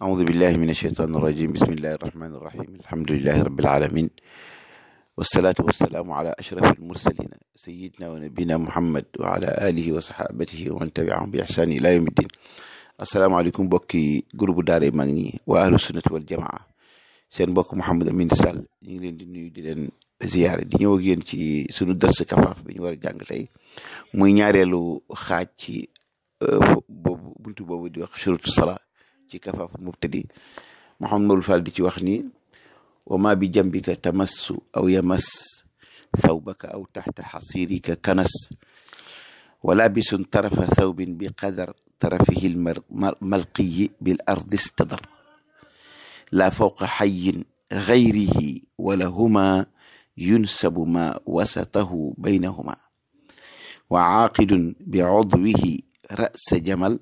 audu billahi min asheytaan irrajim bismillahi irrahmani irrahim alhamdulilahi rabilalamin wasalaatu wasalaamu ala ashraf almursalina sayidna wa nabina muhammad wa ala alihi wa sahabatihi wa man tabiahum bi ihsaan ila yawmi ddin asalaamaaleykum mbokki groupe daara mag ñi wa ahlu sunnati wal jamaa seen mbokk Mouhamed Amine Sall ñu ngi leen di nuyu di leen ziyaare di ñëw ak yéen ci sunu dars kafaaf bi ñu war a jàng tey muy ñaareelu xaaj ci euh, boobu buntu boobu di wax shurutu salaa ci kafaaful mubtadi Mouhamadul Fall di ci wax ni wa ma bi jambika tamassu aw yamas thawbaka aw taxta xasirika kanas wala bisun tarafa thawbin bi qadar tarafihi lmalqiyi bil ardi stadar la fawqa xayin gayrihi wala huma yunsabu ma wasatahu baynahuma wa caaqidun bi codwihi ra'sa jamal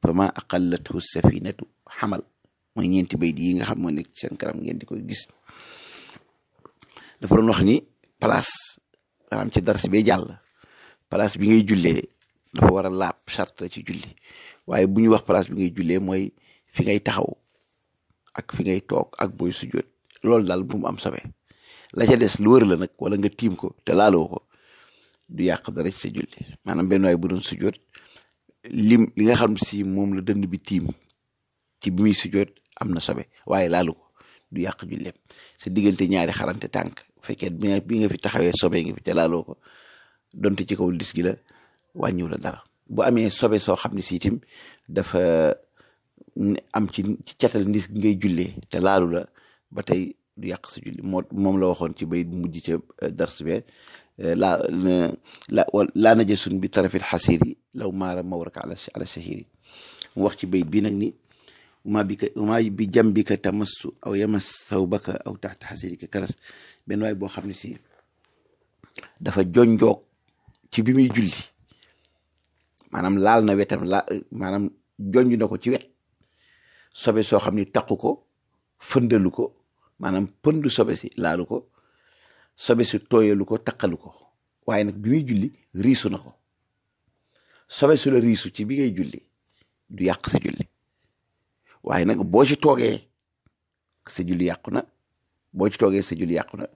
fa ma aqallathu safinatu xamal mooy ñeenti bayit yi nga xam moo nekk ci seen kanam ngeen di koy gis dafa doon wax ni place maanaam ci dars bi jàll bi ngay jullee dafa war a laab charte la ci julli waaye bu ñu wax place bi ngay jullee mooy fi ngay taxaw ak fi ngay toog ak booy sujjoot loolu daal bu mu am sobe la ca des lu wër la nag wala nga tiim ko te laaloo ko du yàq dara ci sa julli maanaam benn waay bu doon sujjoot lim li nga xam si moom la dënd bi tiim ci bi muy sujjoot am na sobe waaye laalu ko du yàq julleem sa diggante ñaari xarante tànk fekkee bii nga fi taxawee sobe nga fi te laaloo ko donte ci kaw lis gi la wàññiw la dara boo amee sobe soo xam ne siitim dafa am ci catal ndis ngay jullee te laalu la ba tey du yàq sa julli moo moom la waxoon ci bay mujj ca euh, dars be laa euh, la laa najasun bi tarafil xasiri law maara mawraka ala ala mu wax ci bayt bi nag ni ma bi ka wama bi jambika tamassu aw yamas thawbaka aw taxta xasirika karas benn waay boo xam ne si dafa jonjoog ci bi muy julli maanaam laal na wetam laa maanaam jonju na ko ci wet sobe soo xam ni taqu ko fëndalu ko maanaam pëndu sobe si laalu ko sobe si tooyalu ko taqalu ko waaye nag bi muy julli riisu na ko sobe su la riisu ci bi ngay julli du yàq sa julli waaye nag boo ci toogee sa julli yàqu na boo ci toogee sa julli yàqu na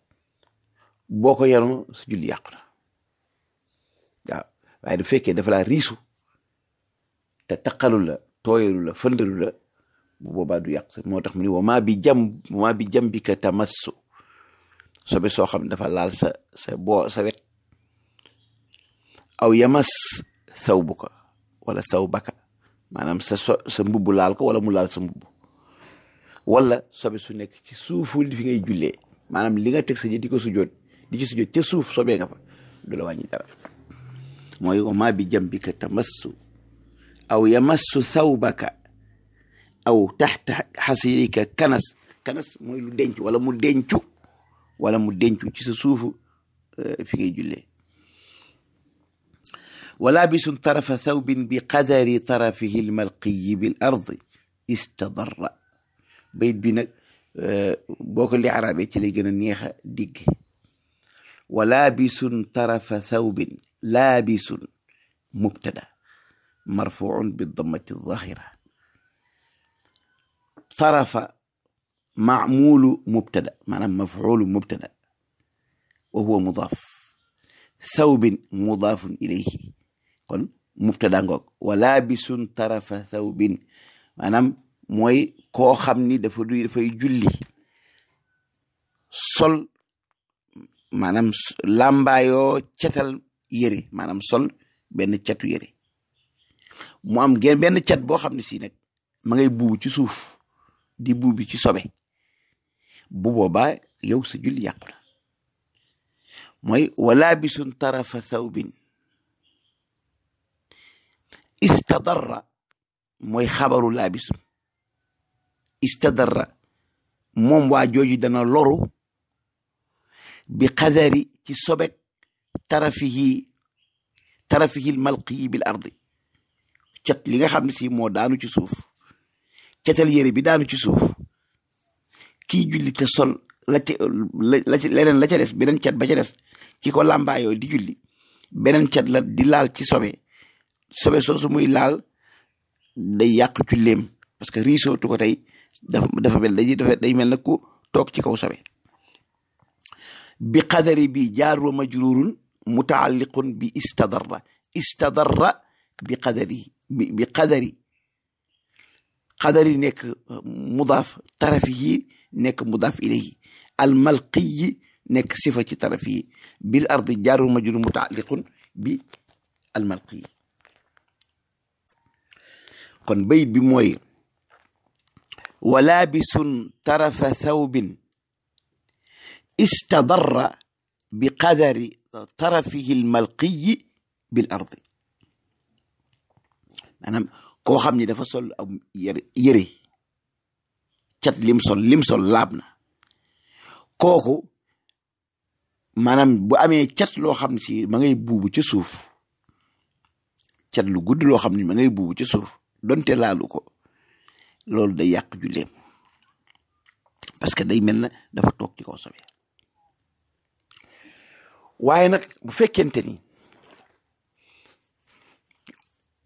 boo ko yanu sa julli yàqu na waaye du fekkee dafa laa riisu te taqalu la tooyalu la fëndalu la bu boobaa du yàq sa moo tax mu ni wa maa bi jam maa bi jam bi ka tamassu sobe soo xam ne dafa laal sa sa boo sa wet aw yamas saw bu ko wala saw baka maanaam sa so sa mbubbu laal ko wala mu laal sa mbubb wala sobe su nekk ci suufu li fi ngay jullee maanaam li nga teg sa ji di ko sujjoot di ci sujjoot ca suuf sobee nga fa du la dara mooy ma bi jambika tamassu aw yamassu baka aw taxta xasirika kanas kanas mooy lu denc wala mu dencu wala mu dencu ci sa suufu euh, fi ngay jullee wa laabisun tarafa thawbin bi qadari tarafihi lmalqiyi bil ardi istadarra bayit bi nag boo ko li arabee ci lay gën a neex a digg wa laabisun tarafa thawbin laabisun mubtada marfuun bidammati zahira tarafa maamulu mubtada maanaam mafulu mubtada wa huwa mudaaf thawbin mudaafun ilayhi kon mubtada ngoog wala bisun tarafa thawbin maanaam mooy koo xam ni dafa du dafay julli sol maanaam làmbaayoo cetal yëre maanaam sol benn cetu yëre mu am gen benn cat boo xam ne si nag ma ngay ci suuf di buubi ci sobe bu boobaa yow sa julli yàqu na mooy wala bisun tarafa thawbin istadarra mooy xabaru laabis istadarra moom waa jooju dana loru bi xadari ci sobek tarafihi tarafihil malqiyi bil ardi cet li nga xam ne si moo daanu ci suuf cetal yére bi daanu ci suuf kii julli te sol la la leneen la ca des beneen cet ba ca des ki ko làmbaayoo di julli beneen cet la di laal ci sobe sobe soosu muy laal day yàq culleem parce que riisootu ko tey dafa dafa mel dañuy dafa day mel nag ku toog ci kaw sobe bi qadari bi jaar wa majrurun mutaalliqun bi istadar istadarra bi qadari bi bi qadari qadari nekk uh, mudaaf tarafihi nekk mudaaf ilayhi almalqiyi nekk sifa ci tarafihi bil ardi jaar wa majrurun mutaalliqun bi almalqiyi kon bayit bi mooy wa laabisun tarafa thawbin istadarra bi qadari tarafihi almalqiyi bil ardi maanaam koo xam ni dafa sol ab yére cat lim sol lim sol laab na kooku maanaam bu amee cat loo xam si ma ngay buubu ci suuf cat lu gudd loo xam ni ma ngay buubu ci suuf donte laalu ko loolu da yàq julleem parce que day mel na dafa toog ci kaw sobe waaye nag bu fekkente ni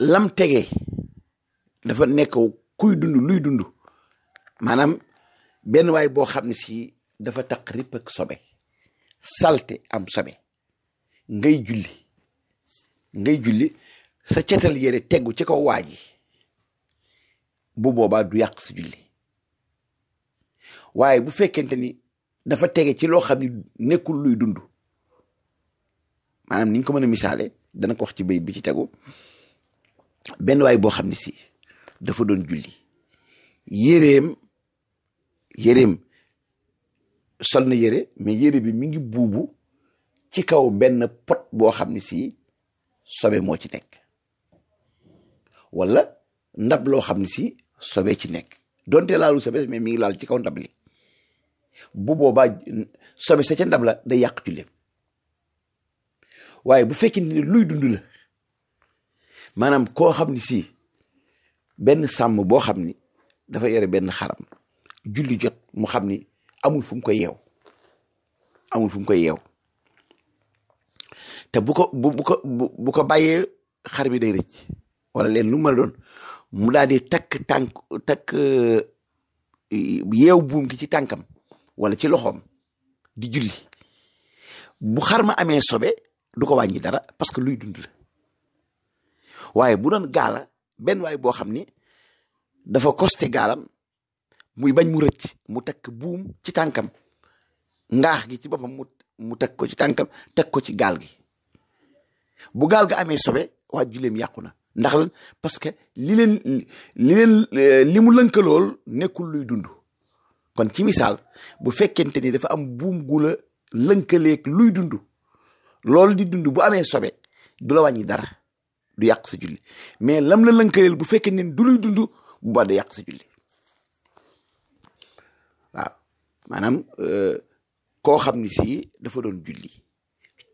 lam tegee dafa nekk kuy dund luy dundu maanaam benn waay boo xam ne si dafa taq rip sobe salte am sobe ngay julli ngay julli sa cetal yére tegu ci kaw waa ji bu boobaa du yàq sa julli waaye bu fekkente ni dafa tege ci loo xam ni nekkul luy dund maanaam ni ko mën a misaale dana ko wax ci bay bi ci tegu benn waay boo xam ne si dafa doon julli yéreem yéreem sol na yére mais yére bi mi ngi buubu ci kaw benn pot boo xam ne si sobe moo ci nekk wala ndab loo xam ne si sobe ci nekk donte laalu sobe mais mi ngi laal ci kaw ndab li bu boobaa sobe sa ca ndab la day yàq julleem waaye bu fekkee ne luy dund la maanaam koo xam ne si benn sàmm boo xam ni dafa yore benn xaram julli jot mu xam ni amul fum ko koy yeew amul fu mu koy yeew te bu ko bu bu ko bu ko bi day rëcc wala leen lu ma mën doon mu daal di takk tànk takk eh, yeew buum gi ci tànkam wala ci loxoom di julli bu xar ma amee sobe du ko wàññi dara parce que luy dund la waaye bu doon gaala benn waay boo xam ni dafa koste gaalam muy bañ mu rëcc mu takk buum ci tànkam ngaax gi ci boppam mu mu takk ko ci tànkam takk ko ci gaal gi bu gaal ga amee sobe waa julleem yàqu na ndax lan parce que li leen leen euh, li mu lënkalool nekkul luy dundu kon ci misaal bu fekkente ni dafa am buum guula la luy dund loolu di dund bu amee sobe du la wàññi dara du yàq sa julli mais lam la lënkaleel bu fekkee ne du luy dund bu ba du yàq sa julli waaw maanaam euh, koo xam ni si dafa doon julli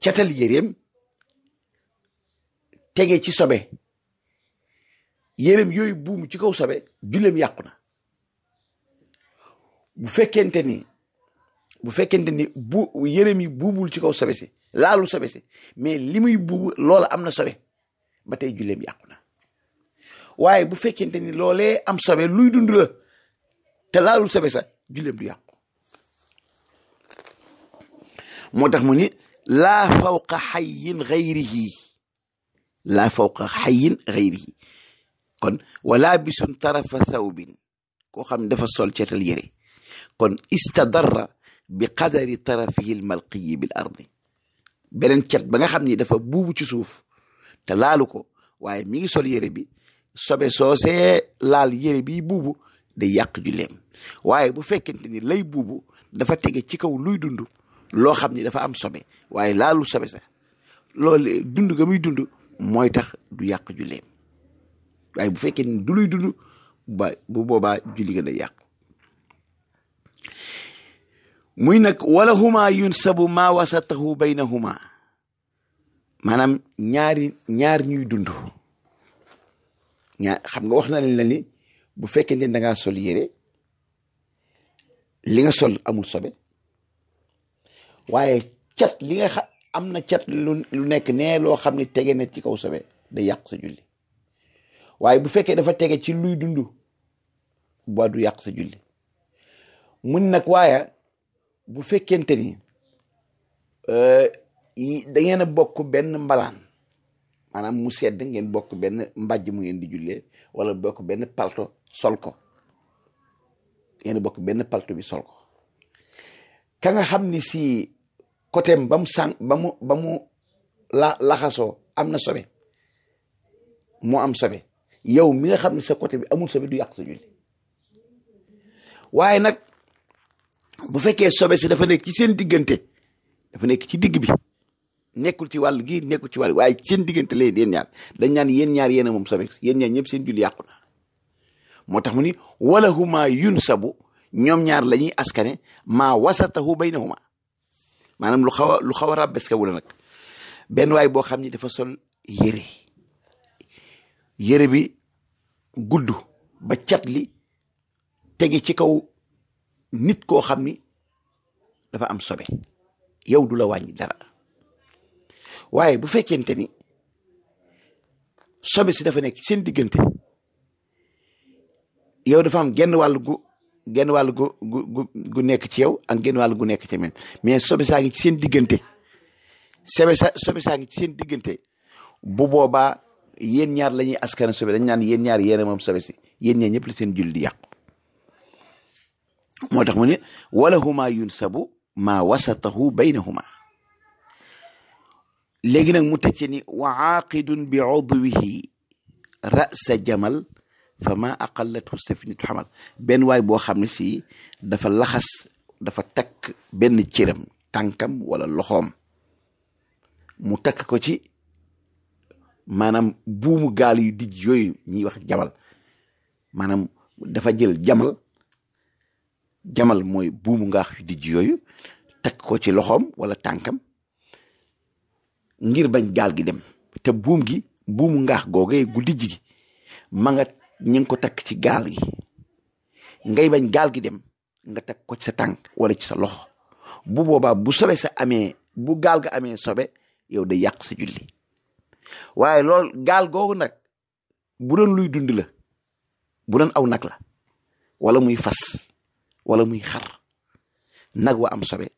catal yéreem tege ci sobe yéreem yooyu buum ci kaw sabe julleem yàqu na bu fekkente ni bu fekkente ni bu yéreem yi ci kaw sabe si laalu sabe si mais li muy buubu loola am na sobe ba tey julleem yàqu na waaye bu fekkente ni loolee am sobe luy dund la te laalul sobe sax julleem du yàqu moo tax mu ni laa fawqa xayin xayrihi laa fawqa xayin xayrihi kon walaa bisun tarafa thawbin koo xam ne dafa sol ceetal yére kon istadarra bi qadari tarafihi lmalqiyi bi ardi beneen cet ba nga xam ni dafa buubu ci suuf te laalu ko waaye mi ngi sol yére bi sobe soosee laal yére bi buubu day yàq julleem waaye bu fekkente ni lay buubu dafa tege ci kaw luy dundu loo xam ni dafa am sobe waaye laalu sobe sa loolu dund ga muy dund mooy tax du yàq leem waaye bu fekkee ni du bu boobaa julli ga day yàq muy nag wala huma sabu ma wasatahu baynahuma maanaam ñaari ñaar ñuy dund ñaar xam nga wax na leen la ni bu fekkente ne da ngaa sol yére li nga sol amul sobe waaye cat li nga xam am na cat lu nekk nee loo xam ne tege na ci kaw sobe da yàq sa julli waaye bu fekkee dafa tege ci luy dund ba du yàq sa julli mun nag waaye bu fekkente ni euh, da ngeen a bokk benn mbalaan maanaam mu sedd ngeen bokk benn mbàjj mu ngeen di jullee wala bokk benn palto sol ko ngeen bokk benn palto bi solko ko ka nga xam ni si côté ba mu sànq ba mu ba mu la laxasoo am na sobe mu am sobe yow mi nga xam ne sa côté bi amul sobe du yàq sa julli waaye nag bu fekkee sobe si dafa nekk ci seen diggante dafa nekk ci digg bi nekkul ci wàll gi nekkul ci wàll waaye ci seen diggante lay yéen ñaar dañ naan yéen ñaar yéen a moom sobe yéen ñaar ñëpp seen julli yàqu na moo tax mu ni wala huma yun sabu ñoom ñaar la askane maa wasatahu baynahuma maanaam lu xaw a lu xaw wula nag benn waay boo xam ni dafa sol yére yére bi gudd ba cat li tege ci kaw nit koo xam ni dafa am sobe yow du la wàññi dara waaye bu fekkente ni sobe si dafa nekk seen diggante yow dafa am genn wàll gu genn wàll gu gu gu gu nekk ci yow ak genn wàll gu nekk ci men mais sobe saa ngi ci seen diggante sobe saa saa ngi ci seen diggante bu boobaa yéen ñaar lañuy ñuy askana sobe dañ naan yéen ñaar yéen a moom sobe si yéen ñaar ñëpp la moo tax mu ne walahuma yunsabu ma wasatahu baynahuma nag mu tekki ni wa aaqidun bi udwihi jamal fa ma aqallathu safinatu xamal benn waay boo xam ne si dafa laxas dafa takk benn cëram tànkam wala loxoom mu takk ko ci maanaam buumu gaal yu dijj yooyu ñuy wax jamal maanaam dafa jël jamal jamal mooy buumu ngaax yu dijj yooyu takk ko ci loxoom wala tànkam ngir bañ gaal gi dem te buum gi buumu ngaax googee gu dijj gi ma nga ko takk ci gaal gi ngay bañ gaal gi dem nga takk ko ci sa tànk wala ci sa loxo bu boobaa bu sobe sa amee bu gaal ga amee sobe yow day yàq sa julli waaye loolu gaal googu nag bu doon luy dund la bu doon aw nag la walla muy fas wala muy xar nag wa am sobe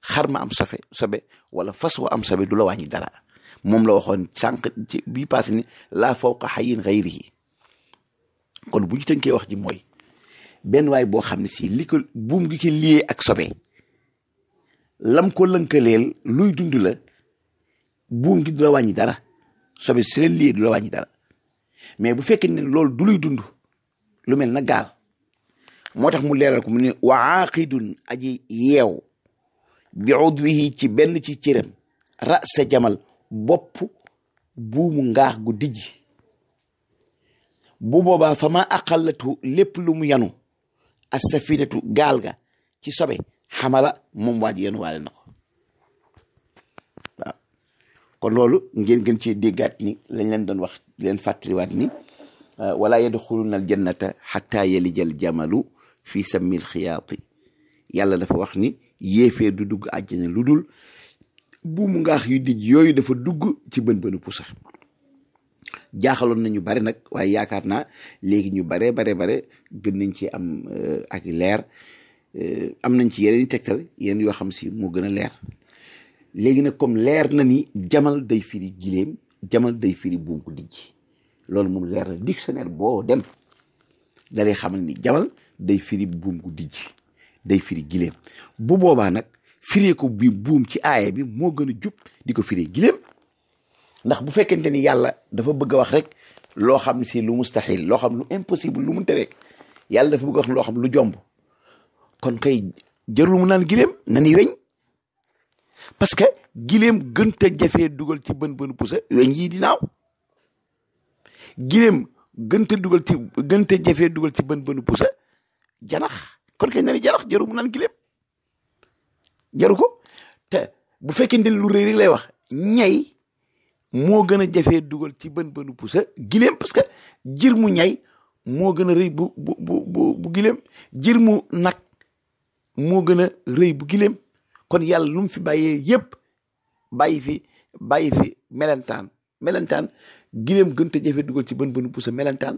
xar ma am sofe sobe wala fas wa am sobe du la wàññi dara moom la waxoon sànq ci bii passé ni laa fawqa xayin xayrihi kon bu ñu tënkee wax ji mooy benn waay boo xam ne si li ko buum gi ko liyee ak sobe lam ko lënkaleel luy dundi la buum gi du la wàññi dara sobe si la lii du la wàññi dara mais bu fekkee ne loolu duluy luy dund lu mel na gaal moo tax mu leeral ko mu ne wa aaqidun aji yeew bi udwihi ci benn ci cëram ra jamal bopp buumu ngaax gu dijji bu boobaa fa ma aqallatu lépp lu mu yanu as safinatu gaal ga ci sobe xamala moom waa ji yanu waale na kon loolu ngeen gën cee déggaat ni lañ leen doon wax leen fàttaliwaat ni euh, wala yadxuluna al jannata xataa yalijal jamalu fi mil xiyaati yàlla dafa wax ni yéefee du dugg àjjana lu dul buumu ngaax yu dij yooyu dafa dugg ci bën bënu pusa jaaxaloon na ñu bare nag waaye yaakaar na léegi ñu bare bare bare gën nañ ci am euh, ak leer euh, am nañ ci yeneen i tegtal yeneen yoo xam si moo gën a leer léegi nag comme leer na ni jamal day firi gileem jamal day firi buum ko dijji loolu moom leer na dictionnaire boo dem dalay xamal ni jamal day firi buum ko dijji day firi gileem bu boobaa nag firee ko bi buum ci aaya bi moo gën a jub di ko firee gileem ndax bu fekkente ni yàlla dafa bëgg a wax rek loo xam si lu mustahil loo xam lu impossible lu mun tere yàlla dafa bëgg a loo xam lu jomb kon kay jarul mu naan gileem na weñ parce que gileem gën te jafee dugal ci bën bën pusa weñ yi dinaaw gileem gën te dugal ci gën te jafee dugal ci bën bën pusa janax kon kañ na ni janax jaru mu gileem jaru ko te bu fekkente ne lu rëy rek lay wax ñay moo gën a jafee dugal ci bën bënu pusa gileem parce que jir mu ñay moo gën a rëy bu bu bu gileem jir mu nag moo gën a rëy bu gileem kon yàlla lu mu fi bàyyee yépp bàyyi fi bàyyi fi melentaan melentaan gileem gën te jafe dugal ci bën bënu pusa melentaan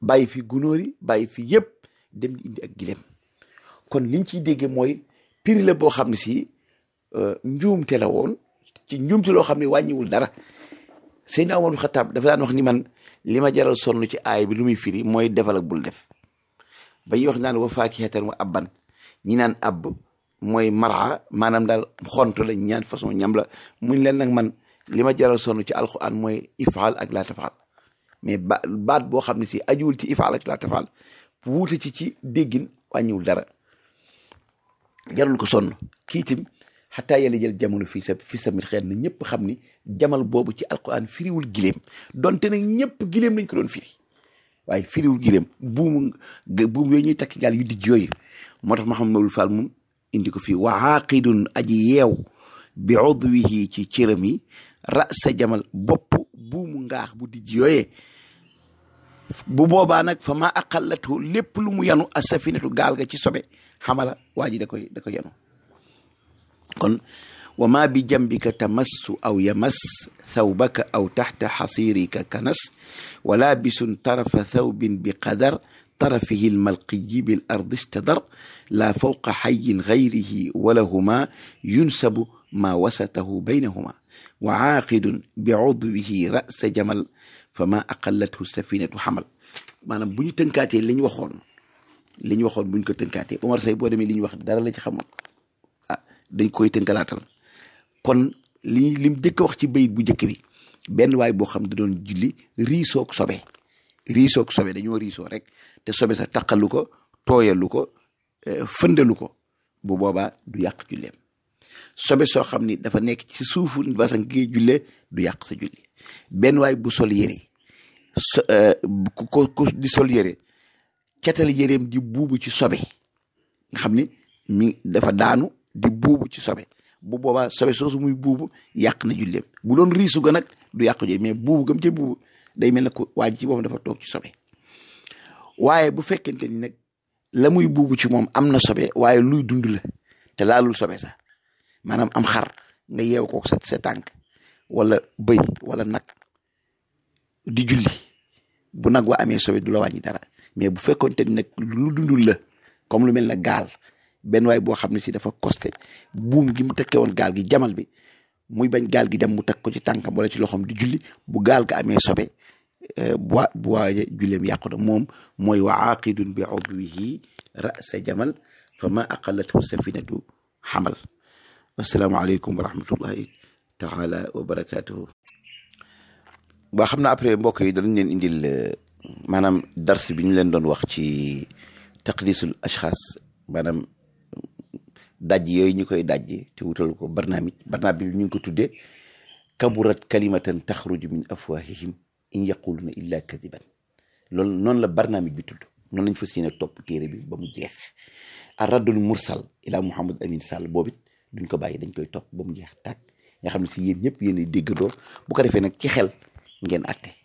bàyyi fi gunóor yi bàyyi fi yépp dem di indi ak gileem kon liñ ciy dégge mooy prix la boo xam ne si euh, njuumte la woon ci njuumte loo xam ne wàññiwul dara Seydina Umar Xataab dafa daan wax ni man li ma jaral sonn ci aay bi lu muy firi mooy defal ak bul def ba ñuy wax naan wa faakihatan wa abban ñi naan abb mooy mara maanaam daal xont la ñaan façon ñam la muñ leen nag man li ma jaral sonn ci alquran mooy ifaal ak laa tafaal mais ba baat boo xam ne si ajuwul ci ifaal ak laa tafaal wuute ci ci déggin wàññiwul dara jaral ko sonn kii tim xataa yàlla jël jamono fii sa fii samit na ñëpp xam ni jamal boobu ci alquran wul gileem donte nag ñëpp gileem lañ ko doon firi waaye firiwul gileem buumu buum yooyu ñuy takk gaal yu dijj yooyu moo tax Mouhamadou Fall moom indi ko fii wa xaaqidun aji yeew bi udwihi ci cëram yi rasa jamal bopp buumu ngaax bu dijj yooyee bu boobaa nag fa ma aqallatu lépp lu mu yanu asafinatu gaal ga ci sobe xamala waa ji da koy da koy yanu kon wa ma bi jambika tamassu aw yamas thawbaka aw taxta xasirika kanas wala bisun tarafa thawbin bi qadar طرفه الملقي بالأرض استدر لا فوق حي غيره ولهما ينسب ما وسته بينهما وعاقد بعضوه رأس جمل فما أقلته السفينة حمل maanaam bu ñu tënkaatee li ñu waxoon li ñu waxoon bu ñu ko tënkaatee Omar Say boo demee li ñu wax dara la ci xamoon ah dañ koy tënkalaatal kon li lim jëkk wax ci bayit bu jëkk bi benn waay boo xam da doon julli riisoog sobe riisoog sobe dañoo risoo rek te sobe sa taqalu ko tooyalu ko eh, fëndalu ko bu boobaa du yàq julleem sobe soo xam ni dafa nekk ci suufu basan gi julle du yàq sa julli benn waay bu sol yére so eh, ku di sol yére catal yéreem di buubu ci sobe nga xam ni mi dafa daanu di buubu ci sobe bu boobaa sobe soosu muy buubu yàq na julleem bu doon riisu ga nag du yàq julli mais buubu gam ci buubu day mel ne ko waa ji ci boppam dafa toog ci sobe waaye bu fekkente ni nag la muy buubu ci moom am na sobe waaye luy dund la te laalul sobe sax maanaam am xar nga yeew ko sa sa tànk wala bëy wala nag di julli bu nag wa amee sobe du la wàññi dara mais bu fekkoonte ni nag lu dundul la comme lu mel na gaal benn waay boo xam ne si dafa costé buum gi mu tekkee woon gaal gi jamal bi muy bañ gaal gi dem mu teg ko ci tànkam wala ci loxoom di julli bu gaal ga amee sobe eh, bu wa bu waaye julleem yàqu na moom mooy wa aaqidun bi udwihi rasa jamal fa ma aqalathu safinatu xamal asalaamaaleykum wa rahmatullahi taala wa barakaatuhu ba xam na après mbokk yi danañ leen indil eh, maanaam dars bi ñu leen doon wax ci taqdisul ashxaas maanaam daj yooyu ñu koy daj te wutal ko barnaamij barnaamij bi ñu ngi ko tuddee kaburat kalimatan taxruju min afwahihim in yaquluna illa kadiban loolu noonu la barnaamij bi tudd noonu lañ fas yéene topp téere bi ba mu jeex ar raddul mursal ila Mouhamadou Amin Sall boobit duñ ko bàyyi dañ koy topp ba mu jeex tàkk nga xam si yéen ñëpp yéen a déggandoo bu ko defee nag ci xel ngeen àtte